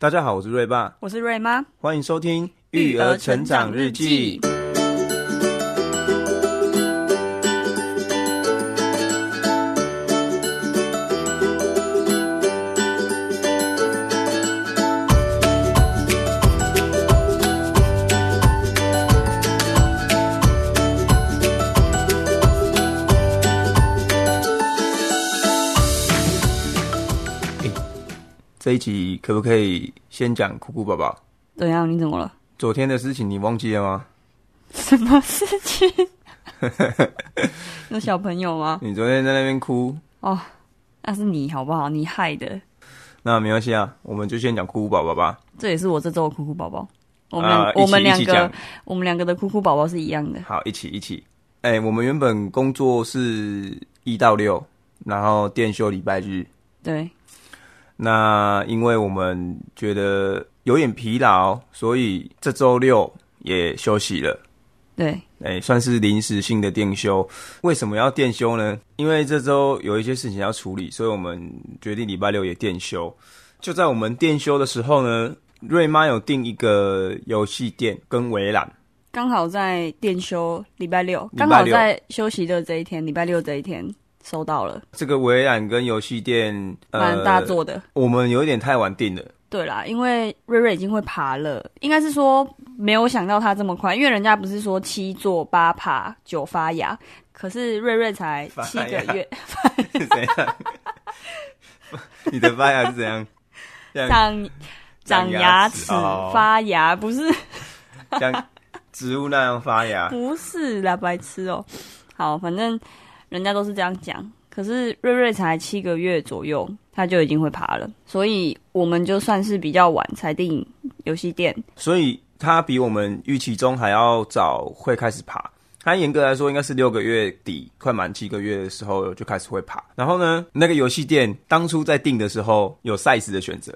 大家好，我是芮爸，我是芮媽，歡迎收聽《育兒成長日記》。這一集可不可以先講哭哭寶寶？怎樣？你怎麼了？昨天的事情你忘記了嗎？什麼事情？ 有小朋友嗎？你昨天在那邊哭哦，那是你好不好？你害的。那沒關係啊，我們就先講哭哭寶寶吧。這也是我這週的哭哭寶寶。我們、呃、一起一起我們兩個，我們兩個的哭哭寶寶是一樣的。好，一起一起。哎、欸，我們原本工作是一到六，然後店休禮拜日。對。那因為我們覺得有點疲勞、哦，所以這周六也休息了。對，哎、欸，算是臨時性的店休。為什麼要店休呢？因為這周有一些事情要處理，所以我們決定禮拜六也店休。就在我們店休的時候呢，瑞媽有訂一個遊戲店跟圍欄，剛好在店休禮拜六，剛好在休息的這一天，禮拜六這一天。收到了，這個圍欄跟遊戲店，蠻、呃、大做的。我們有點太晚訂了。對啦，因為芮芮已經會爬了，應該是說沒有想到他這麼快。因為人家不是說七坐八爬九發芽，可是芮芮才七個月。是怎你的發芽是怎樣？樣長長牙齒、哦、發芽不是 像植物那樣發芽？不是，不白癡哦、喔。好，反正。人家都是這樣講，可是芮芮才七個月左右，他就已經會爬了，所以我們就算是比較晚才訂遊戲店，所以他比我們預期中還要早會開始爬。他嚴格來說應該是六個月底，快滿七個月的時候就開始會爬。然後呢，那個遊戲店當初在訂的時候有 size 的選擇，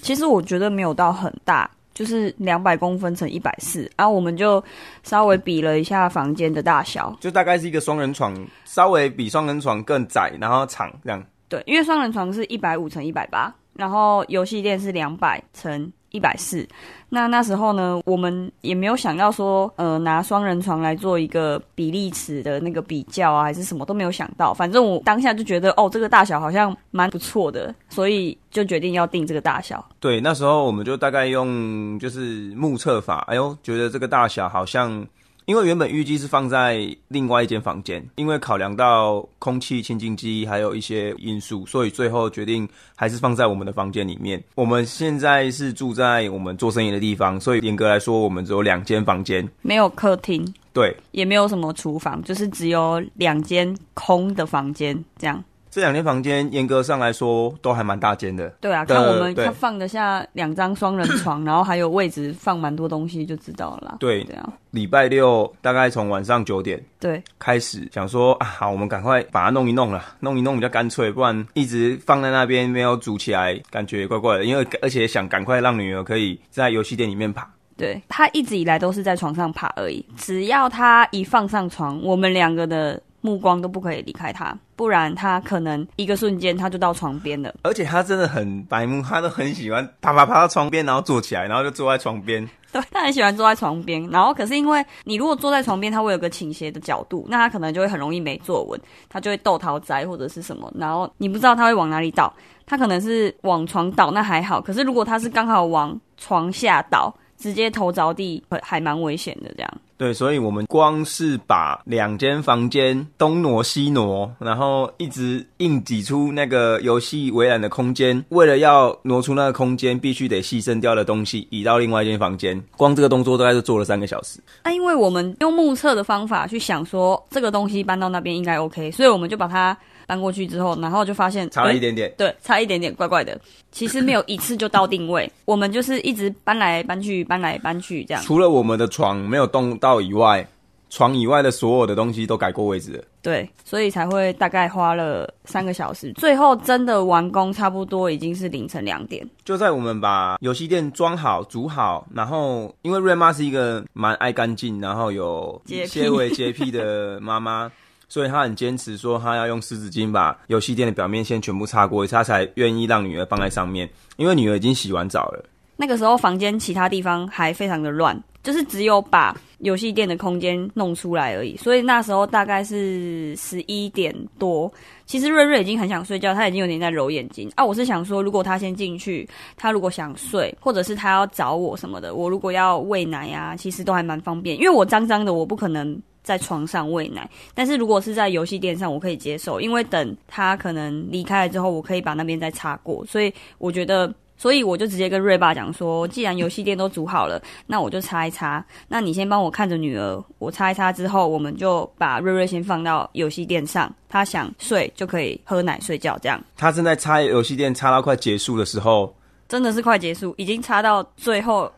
其實我覺得沒有到很大。就是兩百公分乘一百四，然後我們就稍微比了一下房間的大小，就大概是一個雙人床，稍微比雙人床更窄，然後長這樣。對，因為雙人床是一百五乘一百八，180, 然後遊戲墊是兩百乘。一百四，140, 那那時候呢，我們也沒有想要說，呃，拿雙人床來做一個比例尺的那個比較啊，還是什麼都沒有想到。反正我當下就覺得，哦，這個大小好像蠻不錯的，所以就決定要訂這個大小。對，那時候我們就大概用就是目測法，哎呦，覺得這個大小好像。因為原本預計是放在另外一間房間，因為考量到空氣清淨機還有一些因素，所以最後決定還是放在我們的房間裡面。我們現在是住在我們做生意的地方，所以嚴格來說，我們只有兩間房間，沒有客廳，對，也沒有什麼廚房，就是只有兩間空的房間這樣。這兩間房間嚴格上來說都還蠻大間的，對啊，看我們對對他放得下兩張雙人床， 然後還有位置放蠻多東西就知道了啦。對，對啊、禮拜六大概從晚上九點對開始，想說啊，好，我們趕快把它弄一弄啦，弄一弄比較乾脆，不然一直放在那邊沒有組起來，感覺怪怪的。因為而且想趕快讓女兒可以在遊戲店裡面爬，對，她一直以來都是在床上爬而已，只要她一放上床，我們兩個的目光都不可以離開他，不然他可能一個瞬間他就到床邊了。而且他真的很白目，他都很喜歡爬爬爬到床邊，然後坐起來，然後就坐在床邊。對，他很喜歡坐在床邊。然後可是因為你如果坐在床邊，他會有個傾斜的角度，那他可能就會很容易沒坐穩，他就會倒頭栽或者是什麼。然後你不知道他會往哪裡倒，他可能是往床倒，那還好，可是如果他是剛好往床下倒。直接頭着地還蠻危險的，這樣。對，所以，我們光是把兩間房間東挪西挪，然後一直硬擠出那個遊戲圍欄的空間，為了要挪出那個空間，必須得犧牲掉的東西，移到另外一間房間。光這個動作大概就做了三個小時。那、啊、因為我們用目測的方法去想說這個東西搬到那邊應該 OK，所以我們就把它。搬過去之後，然後就發現差了一點點，欸，對，差一點點，怪怪的。其實沒有一次就到定位， 我們就是一直搬來搬去，搬來搬去這樣。除了我們的床沒有動到以外，床以外的所有的東西都改過位置。對，所以才會大概花了三個小時，最後真的完工，差不多已經是凌晨兩點。就在我們把遊戲墊裝好，組好，然後因為芮媽是一個蠻愛乾淨，然後有一些微潔癖的媽媽。 所以他很堅持說，他要用濕紙巾把遊戲墊的表面先全部擦過，他才願意讓女兒放在上面。因為女兒已經洗完澡了，那個時候房間其他地方還非常的亂，就是只有把遊戲墊的空間弄出來而已。所以那時候大概是十一點多，其實瑞瑞已經很想睡覺，他已經有點在揉眼睛啊。我是想說，如果他先進去，他如果想睡，或者是他要找我什麼的，我如果要餵奶啊，其實都還蠻方便，因為我髒髒的，我不可能。在床上餵奶，但是如果是在遊戲墊上，我可以接受，因為等他可能離開了之後，我可以把那邊再擦過。所以我覺得，所以我就直接跟芮爸講說，既然遊戲墊都組好了，那我就擦一擦。那你先幫我看着女兒，我擦一擦之後，我們就把芮芮先放到遊戲墊上，他想睡就可以喝奶睡覺。這樣。他正在擦遊戲墊，擦到快結束的時候，真的是快結束，已經擦到最後。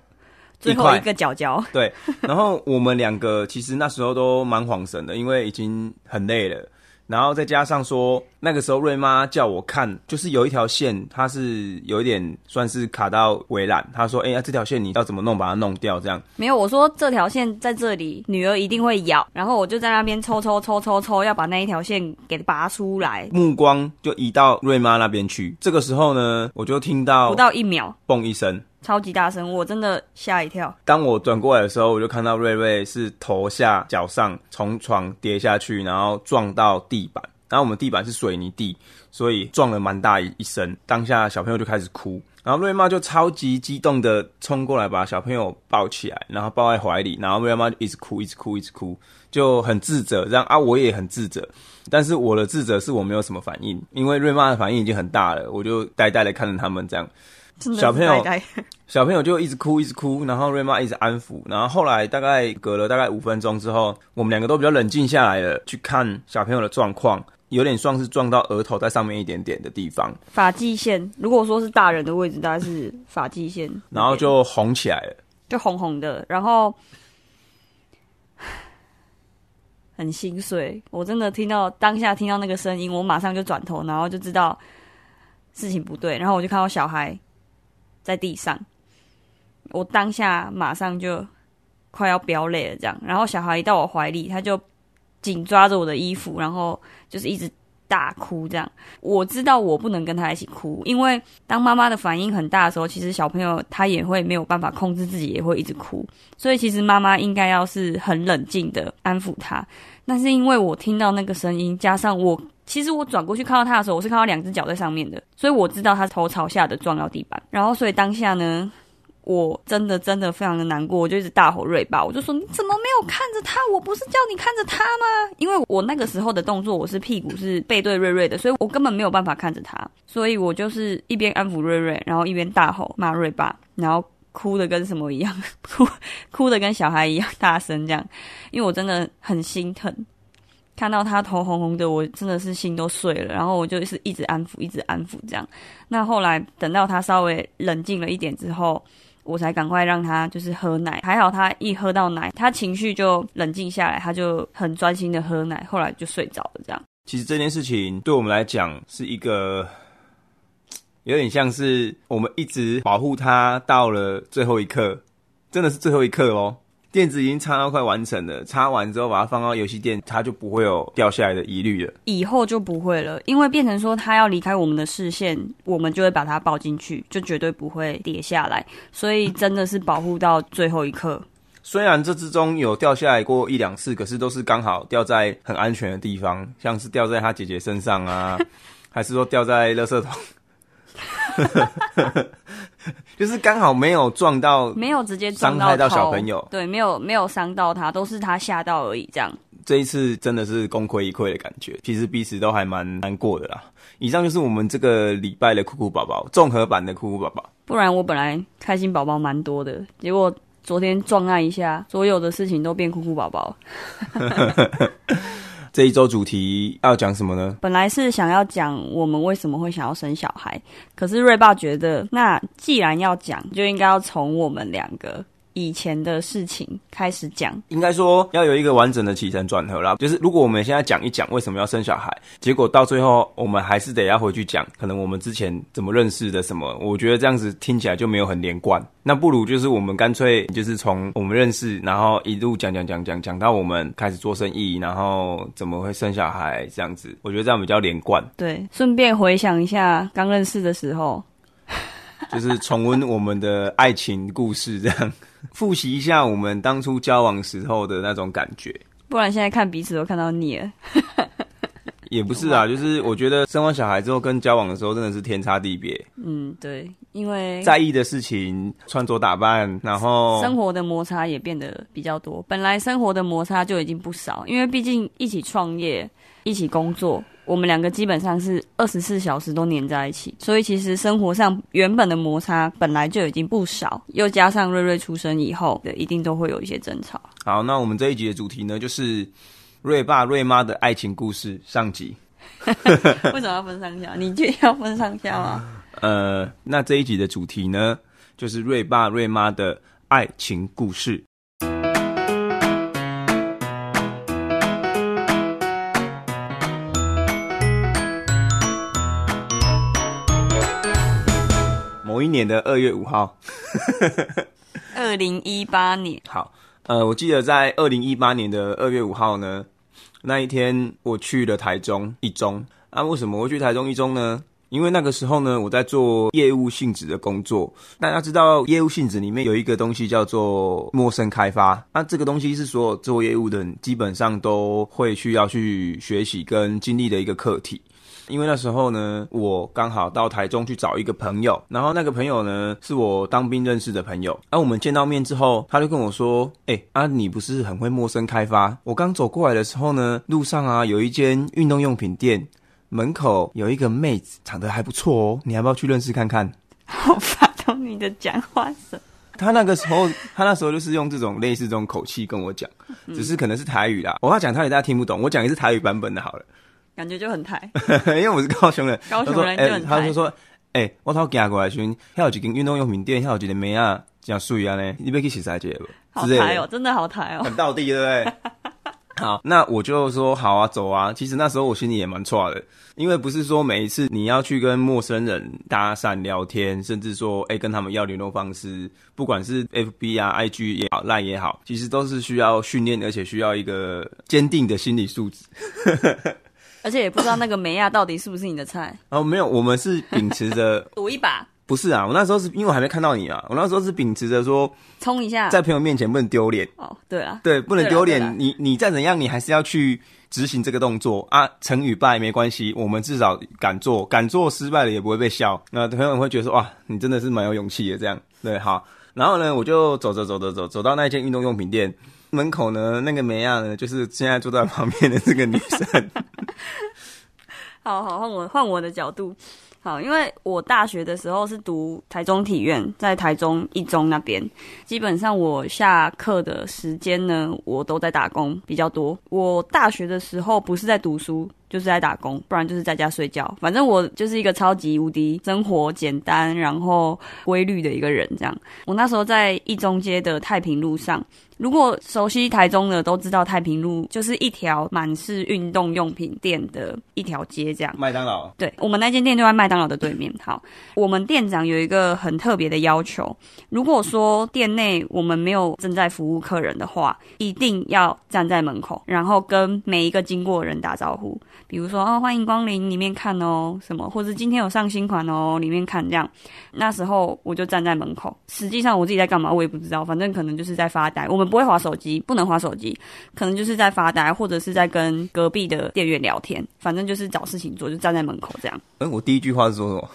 最後一個角角，對，然後我們兩個其實那時候都蠻恍神的，因為已經很累了，然後再加上說那個時候芮媽叫我看，就是有一條線，它是有一點算是卡到圍欄。她說：“哎呀，這條線你要怎麼弄，把它弄掉？”這樣沒有，我說這條線在這裡，女兒一定會咬。然後我就在那邊抽抽抽抽抽，要把那一條線給拔出來。目光就移到芮媽那邊去。這個時候呢，我就聽到不到一秒，嘣一聲。超級大聲，我真的嚇一跳。當我轉過來的時候，我就看到瑞瑞是頭下腳上從床跌下去，然後撞到地板。然後我們地板是水泥地，所以撞了蠻大一聲。當下小朋友就開始哭，然後瑞媽就超級激動的衝過來把小朋友抱起來，然後抱在懷裡，然後瑞媽就一直哭，一直哭，一直哭，一直哭，就很自責，這樣啊，我也很自責。但是我的自責是我沒有什麼反應，因為瑞媽的反應已經很大了，我就呆呆的看着他們這樣。是帶帶小朋友， 小朋友就一直哭，一直哭，然後芮媽一直安撫。然後後來大概隔了大概五分鐘之後，我們兩個都比較冷靜下來了，去看小朋友的狀況，有點算是撞到額頭，在上面一點點的地方，髮際線。如果說是大人的位置， 大概是髮際線，然後就紅起來了，就紅紅的，然後很心碎。我真的聽到當下聽到那個聲音，我馬上就轉頭，然後就知道事情不對，然後我就看到小孩，在地上，我當下馬上就快要飆淚了，這樣。然後小孩一到我懷裡，他就緊抓着我的衣服，然後就是一直大哭，這樣。我知道我不能跟他一起哭，因為當媽媽的反應很大的時候，其實小朋友他也會沒有辦法控制自己，也會一直哭。所以其實媽媽應該要是很冷靜的安撫他。那是因為我聽到那個聲音，加上我。其實我轉過去看到他的時候，我是看到兩隻腳在上面的，所以我知道他頭朝下的撞到地板。然後，所以當下呢，我真的真的非常的難過，我就一直大吼瑞爸，我就說你怎麼沒有看着他？我不是叫你看着他嗎？因為我那個時候的動作，我是屁股是背對瑞瑞的，所以我根本沒有辦法看着他。所以我就是一邊安撫瑞瑞，然後一邊大吼罵瑞爸，然後哭的跟什麼一樣，哭哭的跟小孩一樣大聲這樣，因為我真的很心疼。看到他頭紅紅的，我真的是心都碎了。然後我就是一直安撫，一直安撫這樣。那後來等到他稍微冷靜了一點之後，我才趕快讓他就是喝奶。還好他一喝到奶，他情緒就冷靜下來，他就很專心的喝奶。後來就睡着了這樣。其實這件事情對我們來講是一個，有點像是我們一直保護他到了最後一刻，真的是最後一刻哦。電子已經插到快完成了，插完之後把它放到遊戲店，它就不會有掉下來的疑慮了。以後就不會了，因為變成說它要離開我們的視線，我們就會把它抱進去，就絕對不會跌下來。所以真的是保護到最後一刻。 雖然這之中有掉下來過一兩次，可是都是剛好掉在很安全的地方，像是掉在他姐姐身上啊， 還是說掉在垃圾桶。 就是剛好沒有撞到，沒有直接傷害到小朋友，對，沒有沒有傷到他，都是他嚇到而已。這樣，這一次真的是功虧一簣的感覺。其實彼此都還蠻難過的啦。以上就是我們這個禮拜的酷酷寶寶綜合版的酷酷寶寶。不然我本來開心寶寶蠻多的，結果昨天撞那一下，所有的事情都變酷酷寶寶。 這一周主題要講什麼呢？本來是想要講我們為什麼會想要生小孩，可是芮爸覺得，那既然要講，就應該要從我們兩個。以前的事情開始講，應該說要有一個完整的起承轉合啦。就是如果我們現在講一講為什麼要生小孩，結果到最後我們還是得要回去講，可能我們之前怎麼認識的什麼，我覺得這樣子聽起來就沒有很連貫。那不如就是我們乾脆就是從我們認識，然後一路講講講講講到我們開始做生意，然後怎麼會生小孩這樣子，我覺得這樣比較連貫。對，順便回想一下剛認識的時候，就是重溫我們的愛情故事這樣。複習一下我們當初交往時候的那種感覺，不然現在看彼此都看到膩了 。也不是啊，就是我覺得生完小孩之後跟交往的時候真的是天差地別。嗯，對，因為在意的事情、穿着打扮，然後生活的摩擦也變得比較多。本來生活的摩擦就已經不少，因為畢竟一起創業、一起工作。我們兩個基本上是二十四小時都黏在一起，所以其實生活上原本的摩擦本來就已經不少，又加上芮芮出生以後，一定都會有一些爭吵。好，那我們這一集的主題呢，就是芮爸芮媽的愛情故事上集。為什麼要分上下？你就要分上下啊！ 呃，那這一集的主題呢，就是芮爸芮媽的愛情故事。某一年的二月五號，二零一八年。好，呃，我記得在二零一八年的二月五號呢，那一天我去了台中一中。那、啊、為什麼會去台中一中呢？因為那個時候呢，我在做業務性質的工作。大家知道，業務性質裡面有一個東西叫做陌生開發。那這個東西是所有做業務的人基本上都會需要去學習跟經歷的一個課題。因為那時候呢，我剛好到台中去找一個朋友，然後那個朋友呢，是我當兵認識的朋友。然後、啊、我們見到面之後，他就跟我說：“哎、欸、啊，你不是很會陌生開發？我剛走過來的時候呢，路上啊有一間運動用品店，門口有一個妹子，長得還不錯哦，你要不要去認識看看？”我發動你的講話聲。他那個時候，他那時候就是用這種類似這種口氣跟我講，只是可能是台語啦。嗯，我要講台語大家聽不懂，我講一次台語版本的好了。感覺就很台， 因為我是高雄人，高雄人就很台，他就說：“哎、欸欸，我頭行過來前，還有幾個運動用品店，還有幾個妹啊，這樣水啊呢，你別去寫這些了。”好台哦、喔，的真的好台哦、喔，很道地，對不對？ 好，那我就說好啊，走啊。其實那時候我心裡也蠻挫的，因為不是說每一次你要去跟陌生人搭訕聊天，甚至說哎、欸、跟他們要聯絡方式，不管是 FB 啊、IG 也好、賴也好，其實都是需要訓練，而且需要一個堅定的心理素質。 而且也不知道那個梅亞到底是不是你的菜。哦，沒有，我們是秉持着賭 一把，不是啊，我那時候是因為我還沒看到你啊，我那時候是秉持着說衝一下，在朋友面前不能丟臉。哦，對啊，對，不能丟臉，你你再怎樣，你還是要去執行這個動作啊，成與敗沒關係，我們至少敢做，敢做失敗了也不會被笑，那朋友們會覺得說哇，你真的是蠻有勇氣的這樣，對，好，然後呢，我就走着走着走，走，走，走到那間運動用品店，門口呢，那個美亞呢，就是現在坐在旁邊的這個女生。 好好，換我，換我的角度，好，因為我大學的時候是讀台中體院，在台中一中那邊，基本上我下課的時間呢，我都在打工比較多。我大學的時候不是在讀書。就是在打工，不然就是在家睡覺。反正我就是一個超級無敵生活簡單，然後規律的一個人。這樣，我那時候在一中街的太平路上，如果熟悉台中的都知道，太平路就是一條滿是運動用品店的一條街。這樣，麥當勞。對，我們那間店就在麥當勞的對面。 好，我們店長有一個很特別的要求：如果說店內我們沒有正在服務客人的話，一定要站在門口，然後跟每一個經過的人打招呼。比如說哦，歡迎光臨，裡面看哦，什麼，或者今天有上新款哦，裡面看這樣。那時候我就站在門口，實際上我自己在幹嘛，我也不知道，反正可能就是在發呆。我們不會滑手機，不能滑手機，可能就是在發呆，或者是在跟隔壁的店員聊天。反正就是找事情做，就站在門口這樣。哎、欸，我第一句話是說什麼？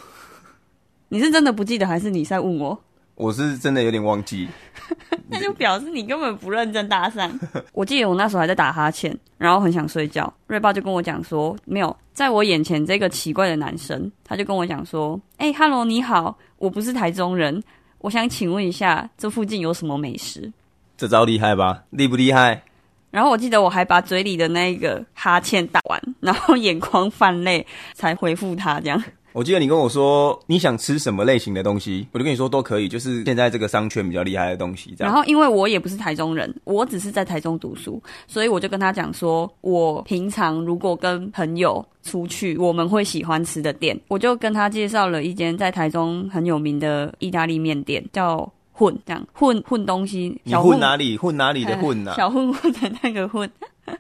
你是真的不記得，還是你在問我？我是真的有點忘記， 那就表示你根本不認真搭訕。 我記得我那時候還在打哈欠，然後很想睡覺。芮爸就跟我講說，沒有，在我眼前這個奇怪的男生，他就跟我講說，哎、欸，hello，你好，我不是台中人，我想請問一下，這附近有什麼美食？這招厲害吧？厲不厲害？然後我記得我還把嘴裡的那個哈欠打完，然後眼眶泛淚，才回復他這樣。我記得你跟我說你想吃什麼類型的東西，我就跟你說都可以，就是現在這個商圈比較厲害的東西這樣。然後因為我也不是台中人，我只是在台中讀書，所以我就跟他講說，我平常如果跟朋友出去，我們會喜歡吃的店，我就跟他介紹了一間在台中很有名的意大利麵店，叫混，這樣混混東西。小混你混哪裡？混哪裡的混啊？小混混的那個混。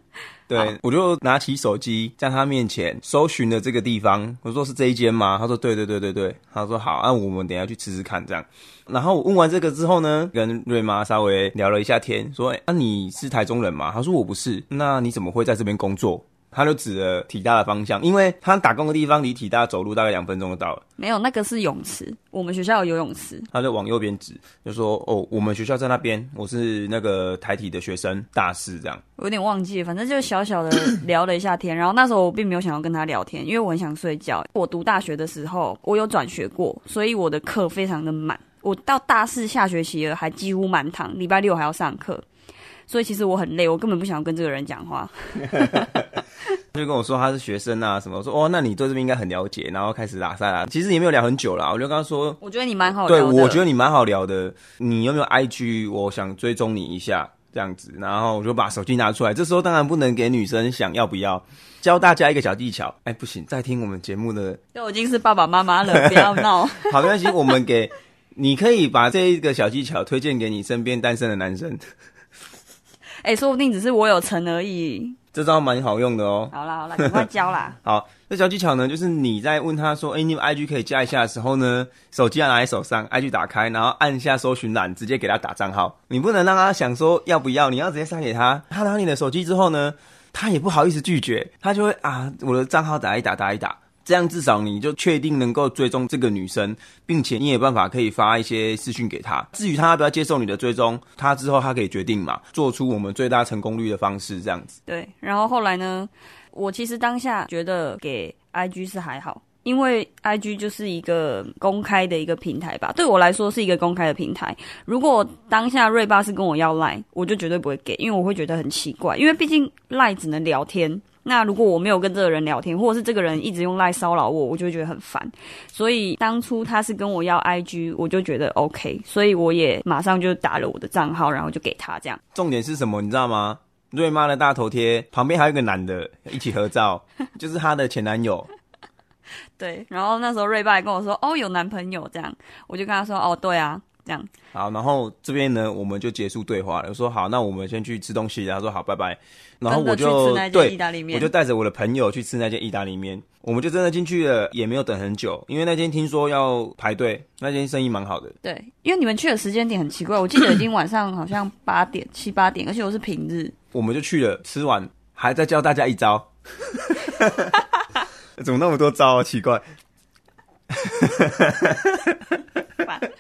對，我就拿起手機，在他面前搜尋了這個地方。我說是這一間嗎？他說對對對對對。他說好，那、啊、我們等一下去吃吃看這樣。然後我問完這個之後呢，跟瑞媽稍微聊了一下天，說那、欸啊、你是台中人嗎？他說我不是。那你怎麼會在這邊工作？他就指了體大的方向，因為他打工的地方離體大走路大概兩分鐘就到了。沒有，那個是泳池，我們學校有游泳池。他就往右邊指，就說：“哦，我們學校在那邊。我是那個台體的學生，大四這樣。”我有點忘記，反正就小小的聊了一下天。咳咳然後那時候我並沒有想要跟他聊天，因為我很想睡覺。我讀大學的時候，我有轉學過，所以我的課非常的滿。我到大四下學期了，還幾乎滿堂，禮拜六還要上課。所以其實我很累，我根本不想跟這個人講話。 就跟我說他是學生啊什麼，我說哦，那你對這邊應該很了解，然後開始喇賽啦。其實也沒有聊很久啦，我就剛剛說我，我覺得你蠻好，對，我覺得你蠻好聊的。你有沒有 IG？我想追蹤你一下這樣子，然後我就把手機拿出來。這時候當然不能給女生想要不要，教大家一個小技巧。哎、欸，不行，在聽我們節目的，因為我已經是爸爸媽媽了，不要鬧。好，沒關係，我們給你，可以把這一個小技巧推薦給你身邊單身的男生。也、欸、說不定只是我有誠而已。這招蠻好用的哦。好啦好啦，你快教啦。 好，這小技巧呢，就是你在問他說：“哎、欸，你有 IG 可以加一下？”的時候呢，手機要拿在手上，IG 打開，然後按下搜尋欄，直接給他打賬號。你不能讓他想說要不要，你要直接塞給他。他拿你的手機之後呢，他也不好意思拒絕，他就會啊，我的賬號打一打，打一打。這樣至少你就確定能夠追蹤這個女生，並且你也有辦法可以發一些私訊給她。至於她要不要接受你的追蹤，她之後她可以決定嘛，做出我們最大成功率的方式這樣子。對，然後後來呢，我其實當下覺得給 IG 是還好，因為 IG 就是一個公開的一個平台吧，對我來說是一個公開的平台。如果當下芮爸是跟我要 Line，我就絕對不會給，因為我會覺得很奇怪，因為畢竟 Line 只能聊天。那如果我沒有跟這個人聊天，或者是這個人一直用賴騷擾我，我就覺得很煩。所以當初他是跟我要 IG，我就覺得 OK，所以我也馬上就打了我的賬號，然後就給他這樣。重點是什麼，你知道嗎？瑞媽的大頭貼旁邊還有一個男的，一起合照， 就是她的前男友。 對，然後那時候瑞爸還跟我說，哦，有男朋友這樣，我就跟他說，哦，對啊。這樣好，然後這邊呢，我們就結束對話了。我說好，那我們先去吃東西。然後他說好，拜拜。然後我就對，我就帶着我的朋友去吃那間意大利麵。我們就真的進去了，也沒有等很久，因為那間聽說要排隊，那間生意蠻好的。對，因為你們去的時間點很奇怪，我記得已經晚上好像八點、七八 點，而且我是平日。我們就去了，吃完還在教大家一招， 怎麼那麼多招啊？奇怪。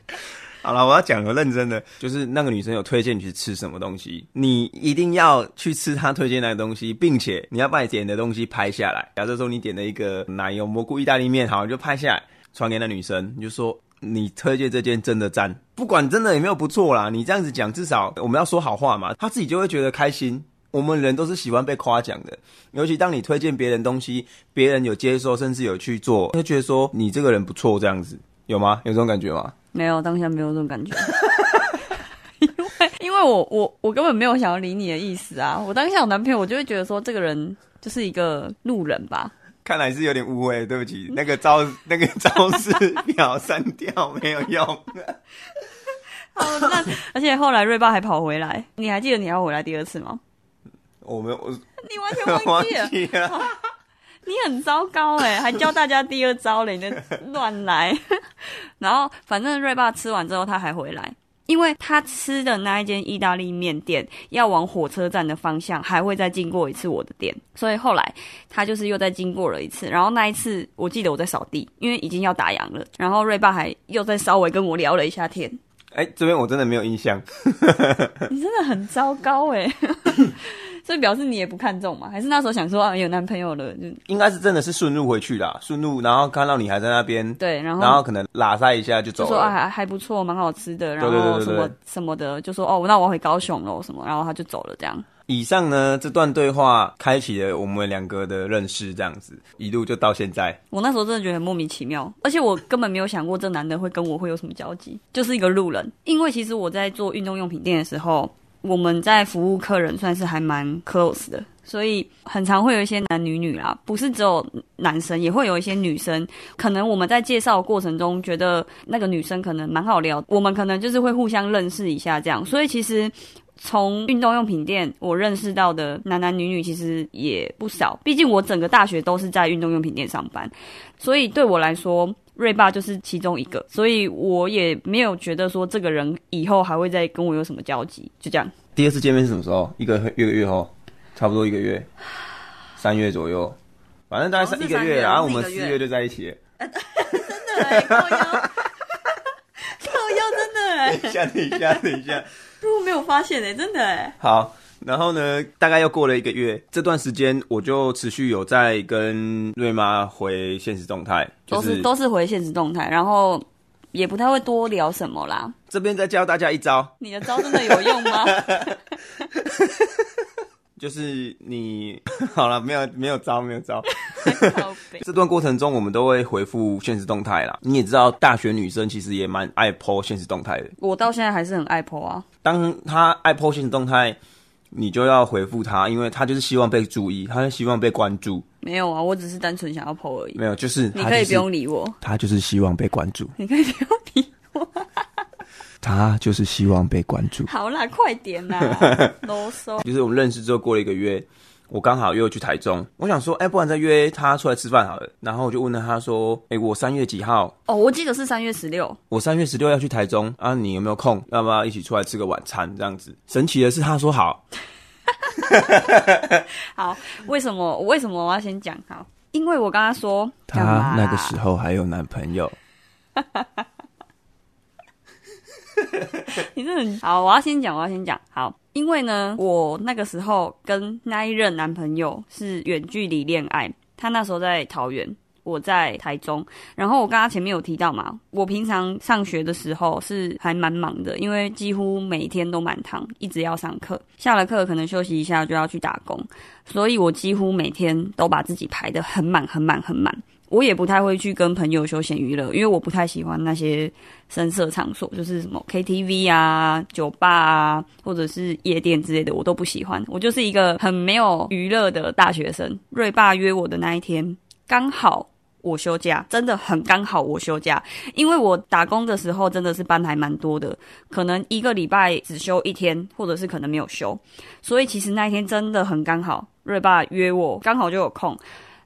好了，我要講個認真的，就是那個女生有推薦你去吃什麼東西，你一定要去吃她推薦那個東西，並且你要把你點的東西拍下來。假如這時候你點了一個奶油蘑菇意大利麵，好，你就拍下來傳給那女生，你就說你推薦這間真的讚，不管真的有沒有不錯啦，你這樣子講，至少我們要說好話嘛，她自己就會覺得開心。我們人都是喜歡被誇獎的，尤其當你推薦別人東西，別人有接受，甚至有去做，就覺得說你這個人不錯，這樣子。有嗎？有這種感覺嗎？沒有，當下沒有這種感覺， 因為因為我我我根本沒有想要理你的意思啊！我當下有男朋友，我就會覺得說，這個人就是一個路人吧。看來是有點誤會，對不起。那個招 那個招式 秒刪掉沒有用。好，那 而且後來芮爸還跑回來，你還記得你要回來第二次嗎？我沒有， 你完全忘記了。忘記了 你很糟糕哎、欸，還教大家第二招嘞！你在亂來。 然後，反正瑞爸吃完之後他還回來，因為他吃的那一間意大利麵店要往火車站的方向，還會再經過一次我的店，所以後來他就是又再經過了一次。然後那一次，我記得我在掃地，因為已經要打烊了。然後瑞爸還又再稍微跟我聊了一下天。哎、欸，這邊我真的沒有印象。 你真的很糟糕哎、欸。 所以表示你也不看重嘛？還是那時候想說啊，有、哎、男朋友了，就應該是真的是順路回去啦。順路然後看到你還在那邊，對，然後然後可能喇賽一下就走了，就說啊，還不錯，蠻好吃的，然後什麼對對對對對什麼的，就說哦，那我要回高雄了，什麼，然後他就走了這樣。以上呢，這段對話開啟了我們兩個的認識，這樣子一路就到現在。我那時候真的覺得很莫名其妙，而且我根本沒有想過這男的會跟我會有什麼交集，就是一個路人。因為其實我在做運動用品店的時候。我們在服務客人算是還蠻 close 的，所以很常會有一些男女女啦，不是只有男生，也會有一些女生。可能我們在介紹的過程中覺得那個女生可能蠻好聊，我們可能就是會互相認識一下這樣。所以其實從運動用品店我認識到的男男女女其實也不少，畢竟我整個大學都是在運動用品店上班，所以對我來說。瑞爸就是其中一個，所以我也沒有覺得說這個人以後還會再跟我有什麼交集，就這樣。第二次見面是什麼時候？一個月，一個月後，差不多一個月，三月左右，反正大概是一個月，然後我們四月就在一起了。一 真的、欸，我要 真的、欸，等一下，等一下，等一下，果沒有發現哎、欸，真的哎、欸。好。然後呢，大概又過了一個月，這段時間我就持續有在跟芮媽回限時動態，就是、都是都是回限時動態，然後也不太會多聊什麼啦。這邊再教大家一招，你的招真的有用嗎？ 就是你好了，沒有沒有招沒有招。有招 這段過程中，我們都會回復限時動態啦。你也知道，大學女生其實也蠻愛 po 限時動態的。我到現在還是很愛 po 啊。當她愛 po 限時動態，你就要回復他，因為他就是希望被注意，他是希望被關注。沒有啊，我只是單純想要 PO 而已。沒有，就是、就是、你可以不用理我。他就是希望被關注，你可以不用理我。 他就是希望被關注。好啦，快點啦，囉 嗦。就是我們認識之後過了一個月，我剛好又去台中，我想說，哎、欸，不然再約他出來吃飯好了。然後我就問了他說，哎、欸，我三月幾號？哦，我記得是三月十六。我三月十六要去台中啊，你有沒有空？要不要一起出來吃個晚餐？這樣子，神奇的是他說好。 好，為什麼？為什麼我要先講？好，因為我剛剛說他那個時候還有男朋友。 你這人好，我要先講，我要先講好。因為呢，我那個時候跟那一任男朋友是遠距離戀愛，他那時候在桃園，我在台中。然後我剛剛前面有提到嘛，我平常上學的時候是還蠻忙的，因為幾乎每天都滿堂，一直要上課，下了課可能休息一下就要去打工，所以我幾乎每天都把自己排得很滿、很滿、很滿。我也不太會去跟朋友休閒娛樂，因為我不太喜歡那些聲色場所，就是什麼 KTV 啊、酒吧啊，或者是夜店之類的，我都不喜歡。我就是一個很沒有娛樂的大學生。芮爸約我的那一天，剛好我休假，真的很剛好我休假，因為我打工的時候真的是班還蠻多的，可能一個禮拜只休一天，或者是可能沒有休，所以其實那一天真的很剛好，芮爸約我剛好就有空。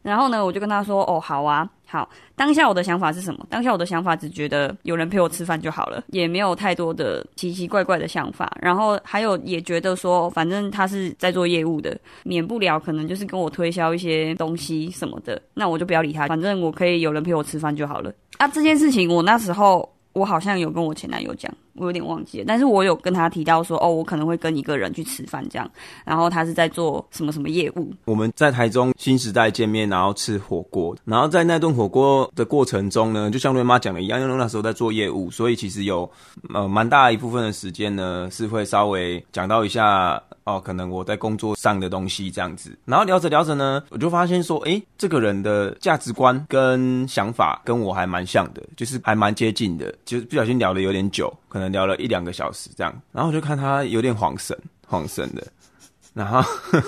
然後呢，我就跟他說，哦，好啊，好。當下我的想法是什麼？當下我的想法只覺得有人陪我吃飯就好了，也沒有太多的奇奇怪怪的想法。然後還有也覺得說，反正他是在做業務的，免不了可能就是跟我推銷一些東西什麼的，那我就不要理他，反正我可以有人陪我吃飯就好了。啊，這件事情，我那時候我好像有跟我前男友講。我有點忘記了，但是我有跟他提到說，哦，我可能會跟一個人去吃飯這樣，然後他是在做什麼什麼業務。我們在台中新時代見面，然後吃火鍋，然後在那頓火鍋的過程中呢，就像芮媽講的一樣，因為那時候在做業務，所以其實有呃蠻大一部分的時間呢，是會稍微講到一下，哦，可能我在工作上的東西這樣子。然後聊着聊着呢，我就發現說，誒，這個人的價值觀跟想法跟我還蠻像的，就是還蠻接近的。就是不小心聊得有點久。可能聊了一兩個小時這樣，然後我就看他有點恍神，恍神的，然後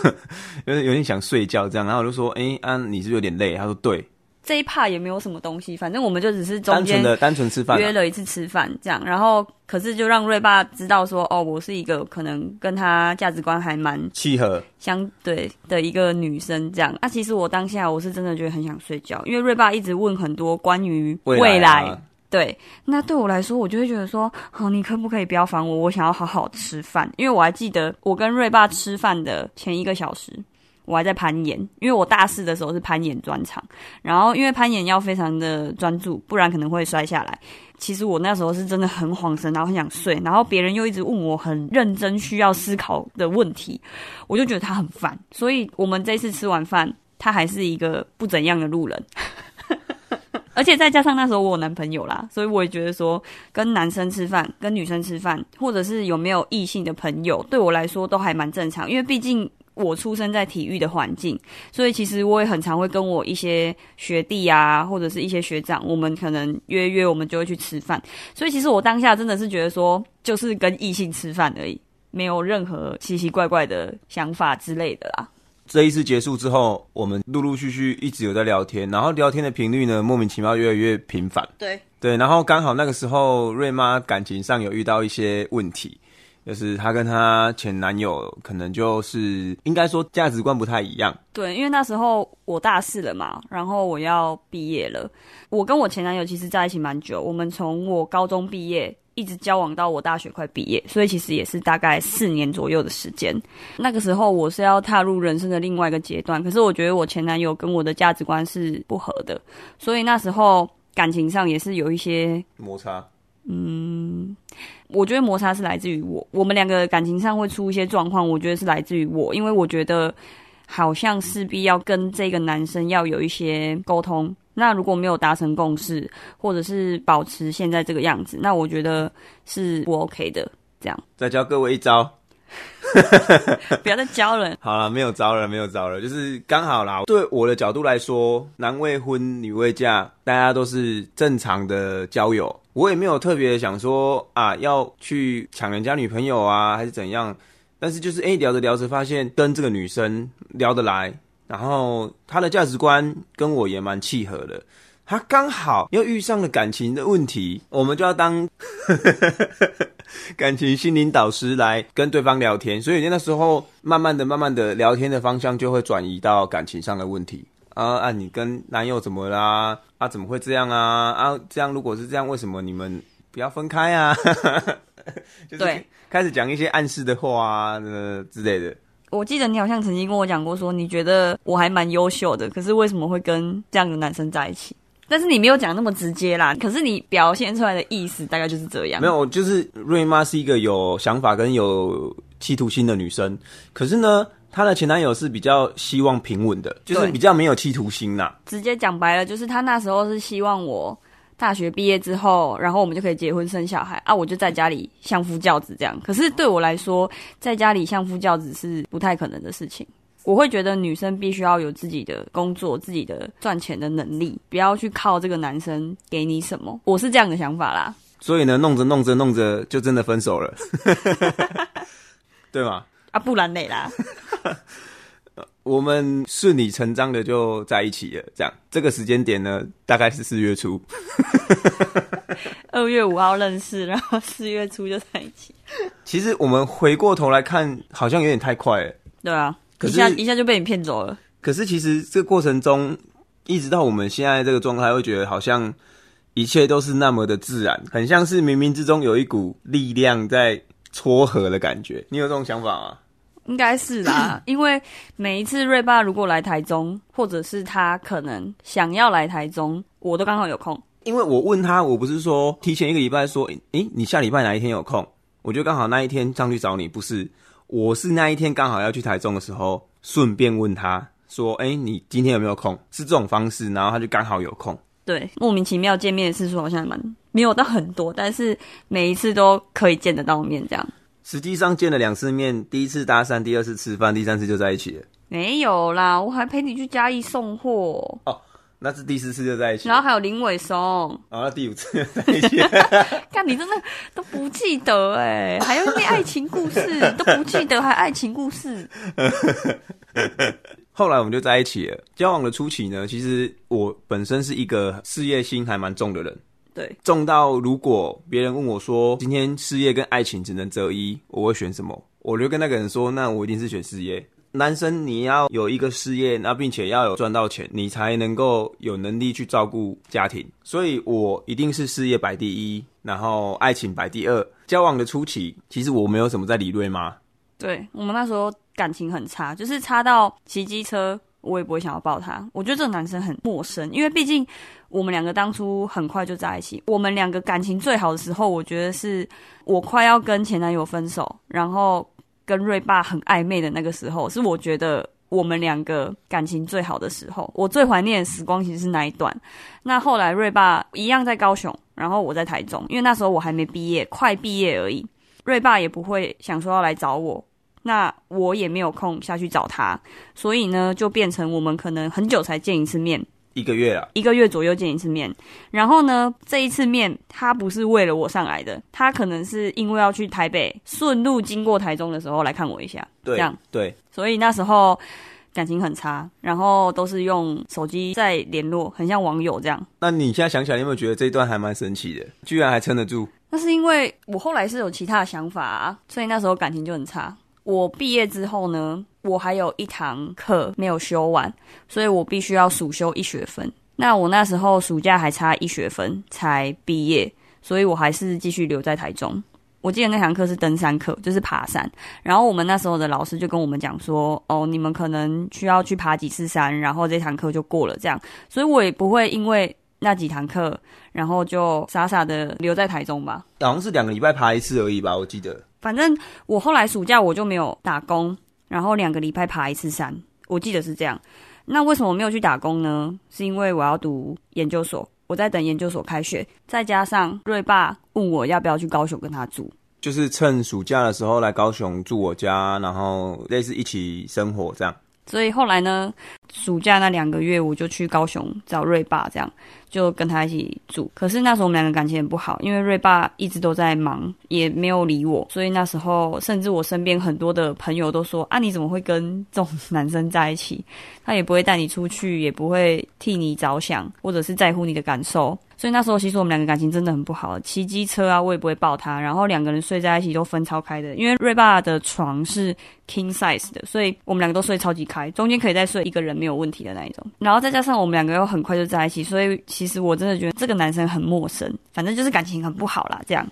有有點想睡覺這樣，然後我就說：“哎，啊，你是不是有點累？”他說：“對，這一趴也沒有什麼東西，反正我們就只是中間、啊、單純的單純吃飯、啊、約了一次吃飯這樣，然後可是就讓芮爸知道說，哦，我是一個可能跟他價值觀還蠻契合相對的一個女生這樣。那合、啊、其實我當下我是真的覺得很想睡覺，因為芮爸一直問很多關於未來。未來啊”對，那對我來說，我就會覺得說，好、哦，你可不可以不要煩我？我想要好好吃飯，因為我還記得我跟芮爸吃飯的前一個小時，我還在攀岩，因為我大四的時候是攀岩專長。然後因為攀岩要非常的專注，不然可能會摔下來。其實我那時候是真的很恍神，然後很想睡，然後別人又一直問我很認真需要思考的問題，我就覺得他很煩。所以我們這次吃完飯，他還是一個不怎樣的路人。而且再加上那時候我有男朋友啦，所以我也覺得說，跟男生吃飯、跟女生吃飯，或者是有沒有異性的朋友，對我來說都還蠻正常。因為畢竟我出生在體育的環境，所以其實我也很常會跟我一些學弟啊，或者是一些學長，我們可能約約，我們就會去吃飯。所以其實我當下真的是覺得說，就是跟異性吃飯而已，沒有任何奇奇怪怪的想法之類的啦。這一次結束之後，我們陸陸續續一直有在聊天，然後聊天的頻率呢，莫名其妙越來越頻繁。對對，然後剛好那個時候芮媽感情上有遇到一些問題，就是她跟她前男友可能就是應該說價值觀不太一樣。對，因為那時候我大四了嘛，然後我要畢業了。我跟我前男友其實在一起蠻久，我們從我高中畢業。一直交往到我大學快畢業，所以其實也是大概四年左右的時間。那個時候我是要踏入人生的另外一個階段，可是我覺得我前男友跟我的價值觀是不合的，所以那時候感情上也是有一些摩擦。嗯，我覺得摩擦是來自於我，我們兩個感情上會出一些狀況，我覺得是來自於我，因為我覺得好像勢必要跟這個男生要有一些溝通。那如果沒有達成共識，或者是保持現在這個樣子，那我覺得是不 OK 的，這樣。再教各位一招， 不要再教人。好啦，沒有招了，沒有招了，就是剛好啦。對我的角度來說，男未婚，女未嫁，大家都是正常的交友。我也沒有特別想說啊，要去搶人家女朋友啊，還是怎樣。但是就是、欸、聊着聊着，發現跟這個女生聊得來。然後他的價值觀跟我也蠻契合的，他剛好又遇上了感情的問題，我們就要當 感情心靈導師來跟對方聊天，所以那時候慢慢的、慢慢的，聊天的方向就會轉移到感情上的問題。啊啊，你跟男友怎麼啦？啊，怎麼會這樣啊？啊，這樣如果是這樣，為什麼你們不要分開啊？對， 開始講一些暗示的話啊之類的。我記得你好像曾經跟我講過，說你覺得我還蠻優秀的，可是為什麼會跟這樣的男生在一起？但是你沒有講那麼直接啦，可是你表現出來的意思大概就是這樣。沒有，就是芮媽是一個有想法跟有企圖心的女生，可是呢，她的前男友是比較希望平穩的，就是比較沒有企圖心吶、啊。直接講白了，就是她那時候是希望我，大學畢業之後，然後我們就可以結婚生小孩啊！我就在家裡相夫教子這樣。可是對我來說，在家裡相夫教子是不太可能的事情。我會覺得女生必須要有自己的工作，自己的賺錢的能力，不要去靠這個男生給你什麼。我是這樣的想法啦。所以呢，弄着弄着弄着，就真的分手了， 對嗎？啊，不然美啦。 我們順理成章的就在一起了，這樣。這個時間點呢，大概是四月初。二 月五號認識，然後四月初就在一起。其實我們回過頭來看，好像有點太快了。對啊，可是，一下一下就被你騙走了。可是其實這個過程中，一直到我們現在這個狀態，會覺得好像一切都是那麼的自然，很像是冥冥之中有一股力量在撮合的感覺。你有這種想法嗎？應該是啦， 因為每一次芮爸如果來台中，或者是他可能想要來台中，我都剛好有空。因為我問他，我不是說提前一個禮拜說，誒、欸、你下禮拜哪一天有空？我就剛好那一天上去找你，不是？我是那一天剛好要去台中的時候，順便問他說，哎、欸，你今天有沒有空？是這種方式，然後他就剛好有空。對，莫名其妙見面次數好像蠻沒有到很多，但是每一次都可以見得到面這樣。實際上見了兩次面，第一次搭訕，第二次吃飯，第三次就在一起了。沒有啦，我還陪你去嘉義送貨。哦，那是第四次就在一起。然後還有林偉松，然後、哦、第五次就在一起了。看， 你真的都不記得哎，還有那愛情故事都不記得，還愛情故事。 後來我們就在一起了。交往的初期呢，其實我本身是一個事業心還蠻重的人。對，重到如果別人問我說今天事業跟愛情只能擇一，我會選什麼？我就跟那個人說，那我一定是選事業。男生你要有一個事業，那並且要有賺到錢，你才能夠有能力去照顧家庭。所以，我一定是事業擺第一，然後愛情擺第二。交往的初期，其實我沒有什麼在理論嗎？對，我們那時候感情很差，就是差到騎機車，我也不會想要抱他。我覺得這個男生很陌生，因為畢竟。我們兩個當初很快就在一起。我們兩個感情最好的時候，我覺得是我快要跟前男友分手，然後跟芮爸很曖昧的那個時候，是我覺得我們兩個感情最好的時候。我最懷念的時光其實是那一段。那後來芮爸一樣在高雄，然後我在台中，因為那時候我還沒畢業，快畢業而已。芮爸也不會想說要來找我，那我也沒有空下去找他，所以呢，就變成我們可能很久才見一次面。一個月啊，一個月左右見一次面，然後呢，這一次面他不是為了我上來的，他可能是因為要去台北，順路經過台中的時候來看我一下，對這樣，對。所以那時候感情很差，然後都是用手機在聯絡，很像網友這樣。那你現在想起來有沒有覺得這一段還蠻神奇的，居然還撐得住？那是因為我後來是有其他的想法啊，所以那時候感情就很差。我畢業之後呢？我還有一堂課沒有修完，所以我必須要暑修一學分。那我那時候暑假還差一學分才畢業，所以我還是繼續留在台中。我記得那堂課是登山課，就是爬山。然後我們那時候的老師就跟我們講說，哦，你們可能需要去爬幾次山，然後這堂課就過了這樣。所以我也不會因為那幾堂課，然後就傻傻的留在台中吧。好像是兩個禮拜爬一次而已吧，我記得。反正我後來暑假我就沒有打工。然後兩個禮拜爬一次山，我記得是這樣。那為什麼我沒有去打工呢？是因為我要讀研究所，我在等研究所開學，再加上瑞爸問我要不要去高雄跟他住，就是趁暑假的時候來高雄住我家，然後類似一起生活這樣。所以後來呢，暑假那兩個月我就去高雄找芮爸，這樣就跟他一起住。可是那時候我們兩個感情也不好，因為芮爸一直都在忙，也沒有理我。所以那時候，甚至我身邊很多的朋友都說：“啊，你怎麼會跟這種男生在一起？他也不會帶你出去，也不會替你着想，或者是在乎你的感受。”所以那時候其實我們兩個感情真的很不好，騎機車啊，我也不會抱他，然後兩個人睡在一起都分超開的，因為芮爸的床是 king size 的，所以我們兩個都睡超級開，中間可以再睡一個人沒有問題的那一種。然後再加上我們兩個又很快就在一起，所以其實我真的覺得這個男生很陌生，反正就是感情很不好啦這樣。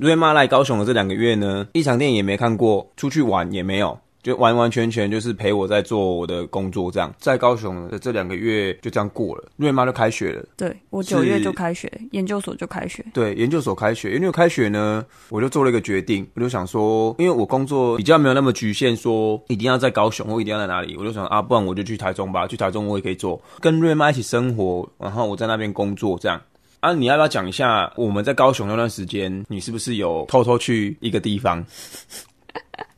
芮媽來高雄的這兩個月呢，一場電影也沒看過，出去玩也沒有。就完完全全就是陪我在做我的工作，這樣在高雄的這兩個月就這樣過了。芮媽就開學了，對，我九月就開學，是研究所就開學，對，研究所開學，因為開學呢，我就做了一個決定，我就想說，因為我工作比較沒有那麼侷限說，說一定要在高雄或一定要在哪裡，我就想說啊，不然我就去台中吧，去台中我也可以做跟芮媽一起生活，然後我在那邊工作這樣。啊，你要不要講一下我們在高雄那段時間，你是不是有偷偷去一個地方？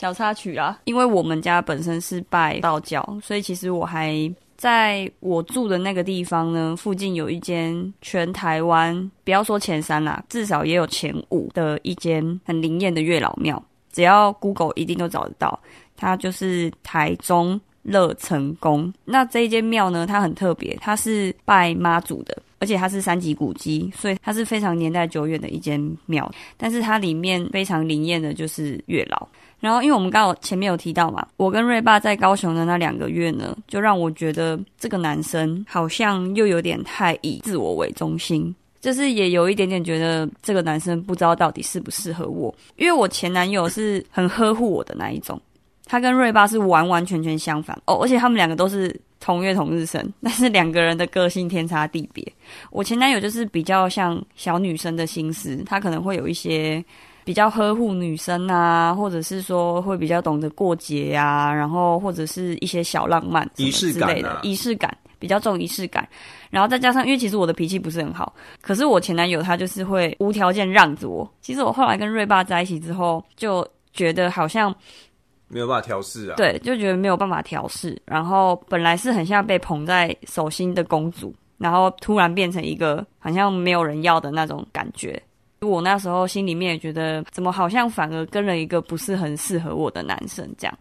小插曲啊，因為我們家本身是拜道教，所以其實我還在我住的那個地方呢，附近有一間全台灣，不要說前三啦，啊，至少也有前五的一間很靈驗的月老廟，只要 Google 一定都找得到，它就是台中樂成宮，那這一間廟呢，它很特別，它是拜媽祖的，而且它是三級古蹟，所以它是非常年代久遠的一間廟。但是它裡面非常靈驗的就是月老。然後，因為我們剛好前面有提到嘛，我跟瑞爸在高雄的那兩個月呢，就讓我覺得這個男生好像又有點太以自我為中心，就是也有一點點覺得這個男生不知道到底適不適合我，因為我前男友是很呵護我的那一種。他跟芮爸是完完全全相反哦，而且他們兩個都是同月同日生，但是兩個人的個性天差地別。我前男友就是比較像小女生的心思，他可能會有一些比較呵護女生啊，或者是說會比較懂得過節啊，然後或者是一些小浪漫、儀式之類的，儀式感啊，儀式感比較重，儀式感。然後再加上，因為其實我的脾氣不是很好，可是我前男友他就是會無條件讓着我。其實我後來跟芮爸在一起之後，就覺得好像。沒有辦法調適啊，對，就覺得沒有辦法調適。然後本來是很像被捧在手心的公主，然後突然變成一個好像沒有人要的那種感覺。我那時候心裡面也覺得，怎麼好像反而跟了一個不是很適合我的男生這樣。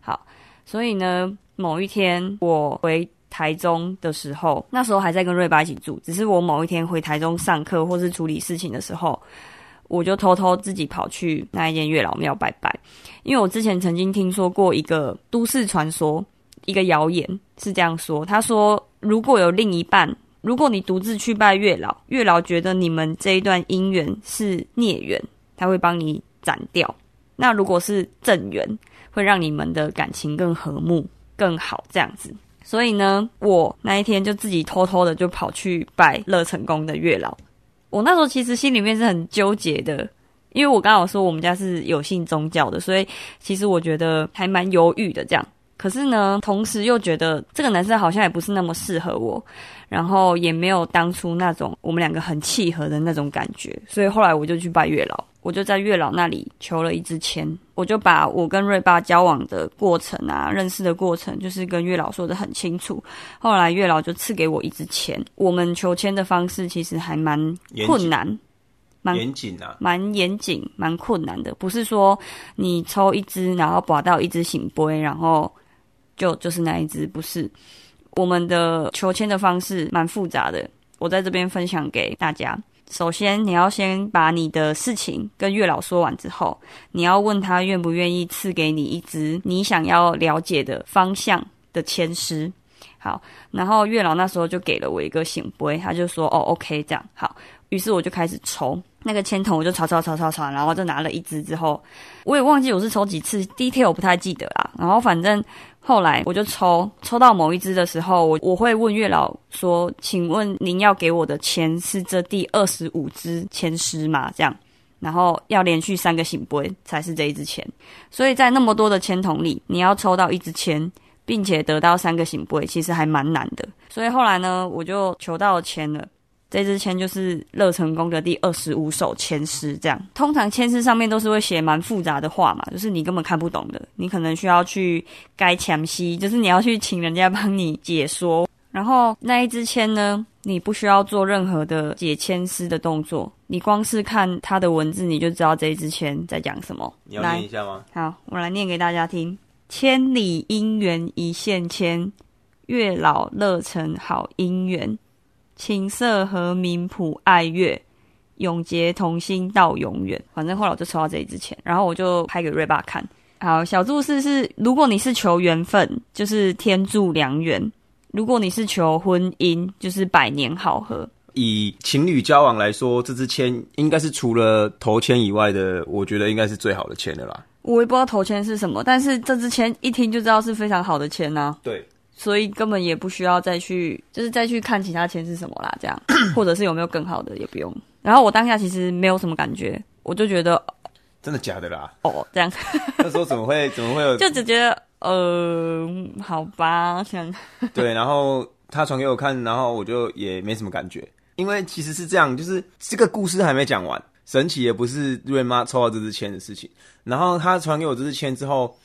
好，所以呢，某一天我回台中的時候，那時候還在跟芮爸一起住，只是我某一天回台中上課或是處理事情的時候。我就偷偷自己跑去那一間月老廟拜拜，因為我之前曾經聽說過一個都市傳說，一個謠言是這樣說：他說如果有另一半，如果你獨自去拜月老，月老覺得你們這一段姻緣是孽緣，他會幫你斬掉；那如果是正緣，會讓你們的感情更和睦、更好這樣子。所以呢，我那一天就自己偷偷的就跑去拜樂成宮的月老。我那時候其實心裡面是很糾結的，因為我剛好說我們家是有信宗教的，所以其實我覺得還蠻猶豫的這樣。可是呢，同時又覺得這個男生好像也不是那麼適合我，然後也沒有當初那種我們兩個很契合的那種感覺，所以後來我就去拜月老，我就在月老那裡求了一支籤，我就把我跟芮爸交往的過程啊，認識的過程，就是跟月老說得很清楚。後來月老就賜給我一支籤。我們求籤的方式其實還蠻困難，蠻嚴謹的，蠻嚴謹，蠻困難的。不是說你抽一支，然後拔到一支聖杯，然後，就就是哪一支不是。我們的求籤的方式蠻複雜的，我在這邊分享給大家。首先，你要先把你的事情跟月老說完之後，你要問他願不願意賜給你一支你想要了解的方向的籤詩。好，然後月老那時候就給了我一個醒杯，他就說：“哦，OK，這樣好。”於是我就開始抽那個籤筒，我就抽抽抽抽抽，然後就拿了一支之後，我也忘記我是抽幾次，detail 我不太記得啦。然後反正。後來我就抽，抽到某一支的時候，我我會問月老說：“請問您要給我的籤是這第二十五支籤詩嗎？”這樣，然後要連續三個醒杯才是這一支籤。所以在那麼多的籤筒裡，你要抽到一支籤，並且得到三個醒杯，其實還蠻難的。所以後來呢，我就求到籤了，了。這支籤就是樂成宮的第二十五首籤詩，這樣通常籤詩上面都是會寫蠻複雜的話嘛，就是你根本看不懂的，你可能需要去該強西，就是你要去請人家幫你解說。然後那一支籤呢，你不需要做任何的解籤詩的動作，你光是看它的文字，你就知道這支籤在講什麼。你要念一下嗎？來，好，我來念給大家聽：千里姻緣一線牽，月老樂成好姻緣。琴瑟和鳴譜愛樂，永結同心到永遠。反正後來我就抽到這一支籤，然後我就拍給芮爸看。好，小注是是：如果你是求緣分，就是天助良緣；如果你是求婚姻，就是百年好合。以情侶交往來說，這支簽應該是除了頭簽以外的，我覺得應該是最好的簽的啦。我也不知道頭簽是什麼，但是這支簽一聽就知道是非常好的簽吶、啊。對。所以根本也不需要再去，就是再去看其他籤是什麼啦，這樣， 或者是有沒有更好的也不用。然後我當下其實沒有什麼感覺，我就覺得真的假的啦？哦，這樣 那時候怎麼會怎麼會有？就直接嗯、呃，好吧，這樣 對。然後他傳給我看，然後我就也沒什麼感覺，因為其實是這樣，就是這個故事還沒講完，神奇也不是瑞媽抽到這支籤的事情。然後他傳給我這支籤之後，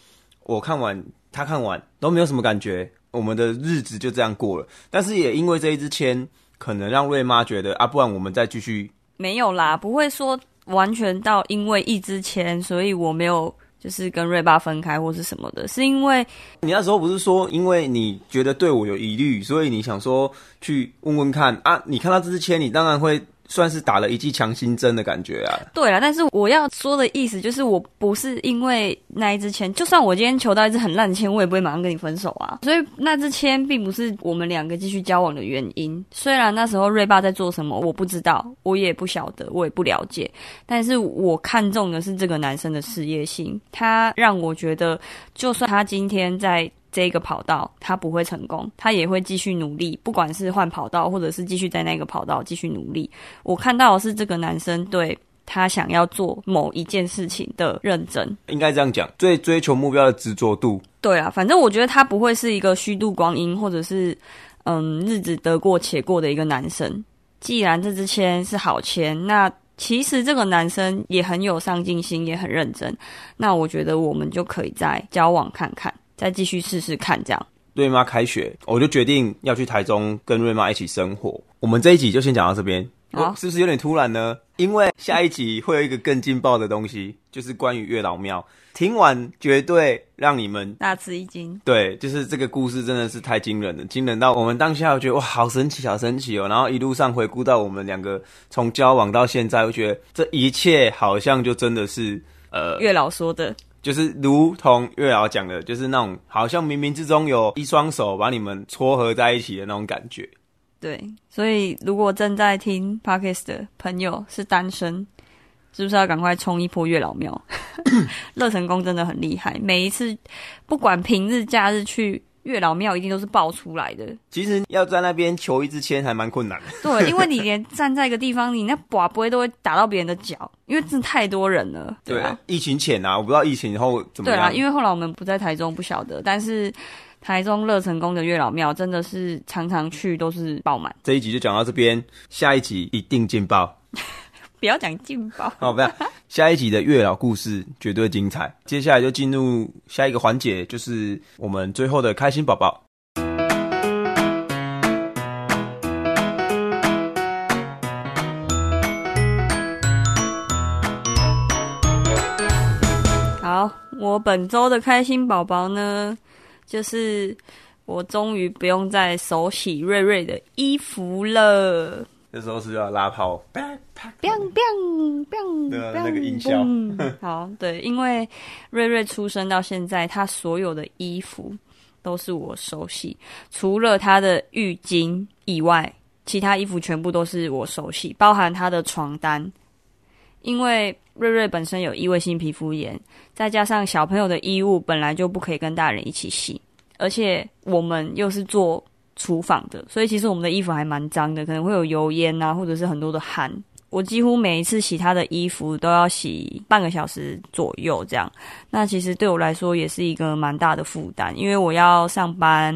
我看完。他看完都沒有什麼感覺，我們的日子就這樣過了。但是也因為這一支籤，可能讓芮媽覺得啊，不然我們再繼續。沒有啦，不會說完全到因為一支簽所以我沒有就是跟芮爸分開或是什麼的。是因為你那時候不是說，因為你覺得對我有疑慮，所以你想說去問問看啊？你看到這支籤，你當然會。算是打了一劑強心針的感覺啊！對啊，但是我要說的意思就是，我不是因為那一支籤，就算我今天求到一支很爛的籤，我也不會馬上跟你分手啊。所以那支籤並不是我們兩個繼續交往的原因。雖然那時候瑞爸在做什麼，我不知道，我也不曉得，我也不了解。但是我看重的是這個男生的事業心，他讓我覺得，就算他今天在。這個跑道他不會成功，他也會繼續努力。不管是換跑道，或者是繼續在那個跑道繼續努力。我看到的是這個男生對他想要做某一件事情的認真，應該這樣講，最追求目標的執着度。對啊，反正我覺得他不會是一個虛度光陰，或者是嗯日子得過且過的一個男生。既然這支簽是好簽，那其實這個男生也很有上進心，也很認真。那我覺得我們就可以再交往看看。再繼續試試看，這樣。瑞媽開學，我就決定要去台中跟瑞媽一起生活。我們這一集就先講到這邊，喔哦，是不是有點突然呢？因為下一集會有一個更勁爆的東西，就是關於月老廟，聽完絕對讓你們大吃一驚。對，就是這個故事真的是太驚人了，驚人到我們當下我覺得哇，好神奇，好神奇哦。然後一路上回顧到我們兩個從交往到現在，我覺得這一切好像就真的是呃，月老說的。就是如同月老講的，就是那種好像冥冥之中有一雙手把你們撮合在一起的那種感覺。對，所以如果正在聽 Podcast 的朋友是單身，是、就、不是要趕快衝一波月老廟？樂 成宮真的很厲害，每一次不管平日假日去，月老廟一定都是爆出來的。其實要在那邊求一支籤還蠻困難的。對，因為你連站在一個地方，你那筊杯都會打到別人的腳，因為真的太多人了。對啊，對，疫情前啊，我不知道疫情以後怎麼樣。對啊，因為後來我們不在台中，不曉得。但是台中樂成宮的月老廟真的是常常去都是爆滿。這一集就講到這邊，下一集一定勁爆。不要講勁爆！好，不下一集的月老故事絕對精彩。接下來就進入下一個環節，就是我們最後的開心寶寶。好，我本週的開心寶寶呢，就是我終於不用再手洗瑞瑞的衣服了。那時候是要拉炮的那個音效。蹦好，對，因為芮芮出生到現在，他所有的衣服都是我手洗，除了他的浴巾以外，其他衣服全部都是我手洗，包含他的床單。因為芮芮本身有異位性皮膚炎，再加上小朋友的衣物本來就不可以跟大人一起洗，而且我們又是做。廚房的，所以其實我們的衣服還蠻髒的，可能會有油煙啊，或者是很多的汗。我幾乎每一次洗他的衣服都要洗半個小時左右這樣。那其實對我來說也是一個蠻大的負擔，因為我要上班，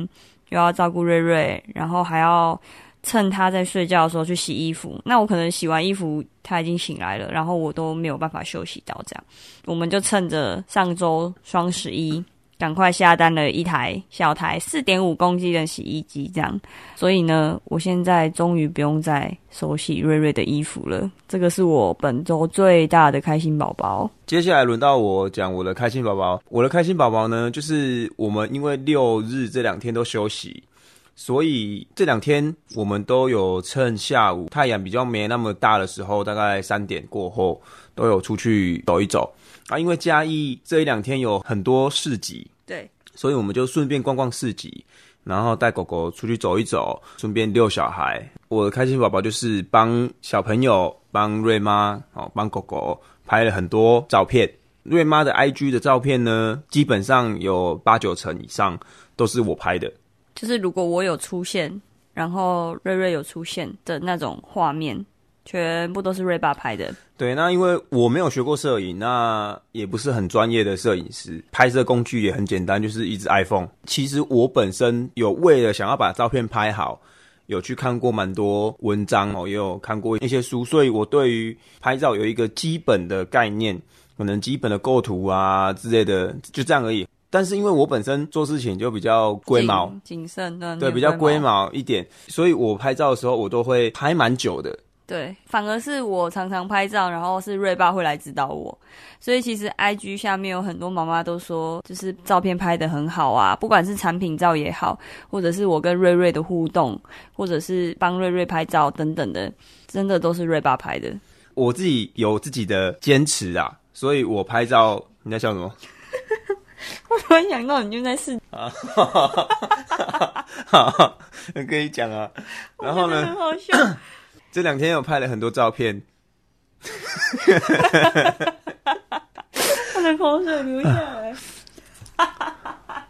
又要照顧芮芮，然後還要趁他在睡覺的時候去洗衣服。那我可能洗完衣服，他已經醒來了，然後我都沒有辦法休息到這樣。我們就趁着上周雙十一。趕快下單了一台小台四點五公斤的洗衣機，這樣，所以呢，我現在終於不用再手洗瑞瑞的衣服了。這個是我本周最大的開心寶寶。接下來輪到我講我的開心寶寶。我的開心寶寶呢，就是我們因為六日這兩天都休息，所以這兩天我們都有趁下午太陽比較沒那麼大的時候，大概三點過後都有出去走一走。啊，因為嘉義這一兩天有很多市集，對，所以我們就順便逛逛市集，然後帶狗狗出去走一走，順便遛小孩。我的開心寶寶就是幫小朋友、幫瑞媽哦、幫、喔、狗狗拍了很多照片。瑞媽的 IG 的照片呢，基本上有八九成以上都是我拍的，就是如果我有出現，然後瑞瑞有出現的那種畫面。全部都是芮爸拍的。對，那因為我沒有學過攝影，那也不是很專業的攝影師，拍攝工具也很簡單，就是一支 iPhone。其實我本身有為了想要把照片拍好，有去看過蠻多文章哦，嗯、也有看過一些書，所以我對於拍照有一個基本的概念，可能基本的構圖啊之類的，就這樣而已。但是因為我本身做事情就比較龜毛、謹慎，對，比較龜毛一點，所以我拍照的時候我都會拍蠻久的。對，反而是我常常拍照，然後是芮爸會來指導我，所以其實 I G 下面有很多媽媽都說，就是照片拍得很好啊，不管是產品照也好，或者是我跟芮芮的互動，或者是幫芮芮拍照等等的，真的都是芮爸拍的。我自己有自己的堅持啊，所以我拍照。你在笑什麼？ 我突然想到你就在試啊， 嗯、 我跟你可以講啊。然後呢？這兩天有拍了很多照片，哈哈哈哈哈！我的口水流下來，哈哈哈哈！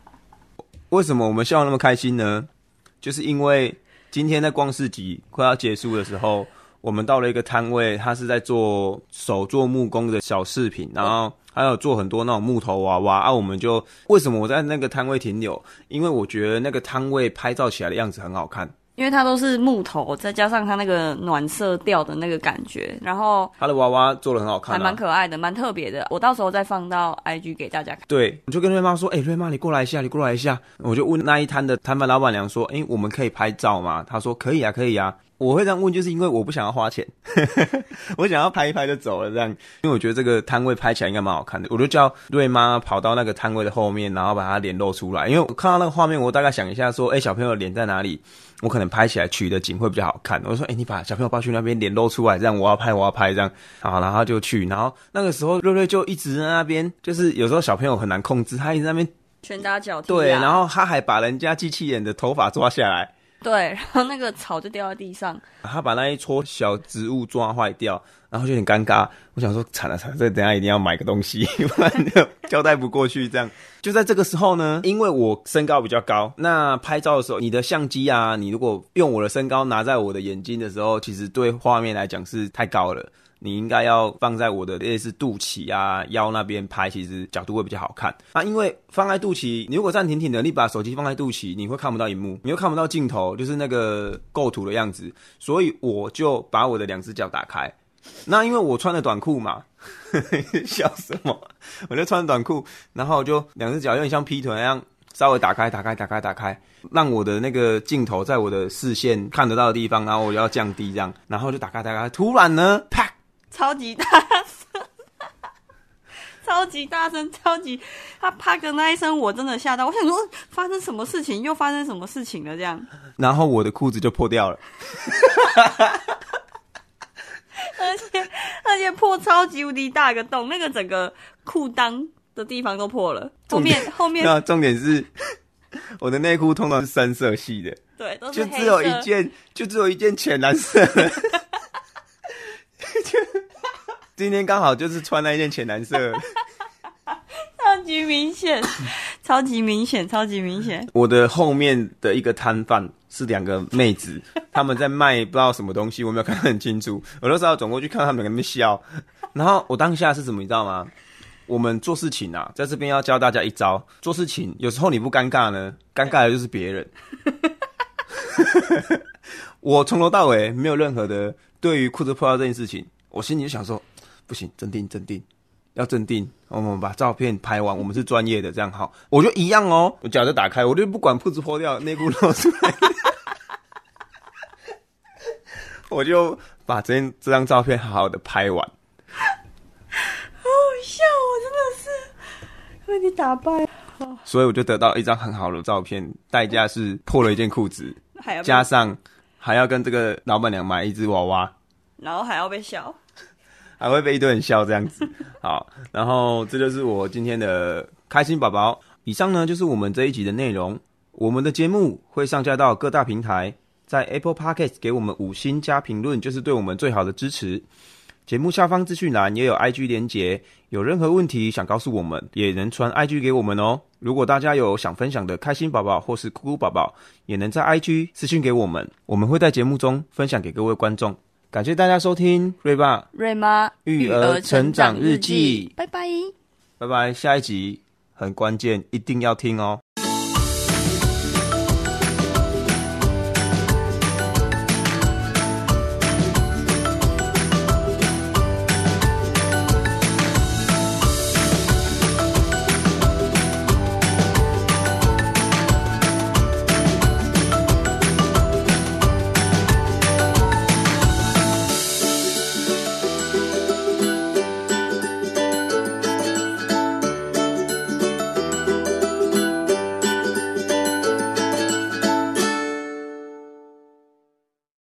為什麼我們笑那麼開心呢？就是因為今天在逛市集快要結束的時候，我們到了一個攤位，他是在做手做木工的小飾品，然後還有做很多那種木頭娃娃。啊，我們就為什麼我在那個攤位停留？因為我覺得那個攤位拍照起來的樣子很好看。因為它都是木頭，再加上它那個暖色調的那個感覺，然後它的娃娃做的很好看啊，還蠻可愛的，蠻特別的。我到時候再放到 IG 給大家看。對，我就跟瑞媽說：“哎、欸，瑞媽，你過來一下，你過來一下。”我就問那一攤的攤販老板娘說：“哎、欸，我們可以拍照嗎？”她說：“可以啊，可以啊。”我會這樣問，就是因為我不想要花錢， 我想要拍一拍就走了這樣。因為我覺得這個攤位拍起來應該蠻好看的，我就叫瑞媽跑到那個攤位的後面，然後把他臉露出來。因為我看到那個畫面，我大概想一下說，哎，小朋友臉在哪裡？我可能拍起來取的景會比較好看。我說，哎，你把小朋友抱去那邊臉露出來，這樣我要拍，我要拍這樣。好，然後就去，然後那個時候瑞瑞就一直在那邊，就是有時候小朋友很難控制，他一直在那邊拳打腳踢，對，然後他還把人家機器人的頭髮抓下來。對，然後那個草就掉在地上。他把那一撮小植物抓壞掉，然後就很尷尬。我想說，慘了慘了，這等下一定要買個東西，不然就交代不過去這樣。就在這個時候呢，因為我身高比較高，那拍照的時候，你的相機啊，你如果用我的身高拿在我的眼睛的時候，其實對畫面來講是太高了。你應該要放在我的類似肚臍啊、腰那邊拍，其實角度會比較好看啊。因為放在肚臍，你如果站挺挺的，你把手機放在肚臍，你會看不到熒幕，你又看不到鏡頭，就是那個構圖的樣子。所以我就把我的兩隻腳打開。那因為我穿了短褲嘛，笑什麼？我就穿短褲，然後我就兩隻腳有點像劈腿那樣，稍微打開，打開，打開，打開，讓我的那個鏡頭在我的視線看得到的地方，然後我就要降低這樣，然後就打開，打開，突然呢，啪！超級大聲，超級大聲，超級他啪的那一聲，我真的嚇到。我想說，發生什麼事情？又發生什麼事情了？這樣。然後我的褲子就破掉了， 而且而且破超級無敵大個洞，那個整個褲襠的地方都破了。後面，重點，後面、啊、重點是， 我的內褲通常是深色系的，對，都是黑色。就只有一件，就只有一件淺藍色。 今天剛好就是穿了一件淺藍色，超級明顯，超級明顯，超級明顯。我的後面的一個攤販是兩個妹子，他們在賣不知道什麼東西，我沒有看得很清楚。我那時候轉過去看他們在那邊笑，然後我當下是什麼，你知道嗎？我們做事情啊，在這邊要教大家一招：做事情有時候你不尷尬呢，尷尬的就是別人。我從頭到尾沒有任何的。對於褲子破掉這件事情，我心裡就想說：不行，鎮定，鎮定，要鎮定。我們，我們把照片拍完，我們是專業的，這樣好。我就一樣哦，我腳就打開，我就不管褲子破掉，內褲露出來， 我就把這這張照片好好的拍完。好、哦、笑我，我真的是被你打敗了。所以我就得到一張很好的照片，代價是破了一件褲子，加上。還要跟這個老闆娘買一只娃娃，然後還要被笑，還會被一堆人笑這樣子。好，然後這就是我今天的開心寶寶。以上呢，就是我們這一集的內容。我們的節目會上架到各大平台，在 Apple Podcast 給我們五星加評論，就是對我們最好的支持。節目下方資訊欄也有 IG 連結。有任何問題想告訴我們，也能傳 IG 給我們哦。如果大家有想分享的開心寶寶或是酷酷寶寶，也能在 IG 私信給我們，我們會在節目中分享給各位觀眾。感謝大家收聽芮爸芮媽育兒成長日記，拜拜拜拜，下一集很關鍵，一定要聽哦。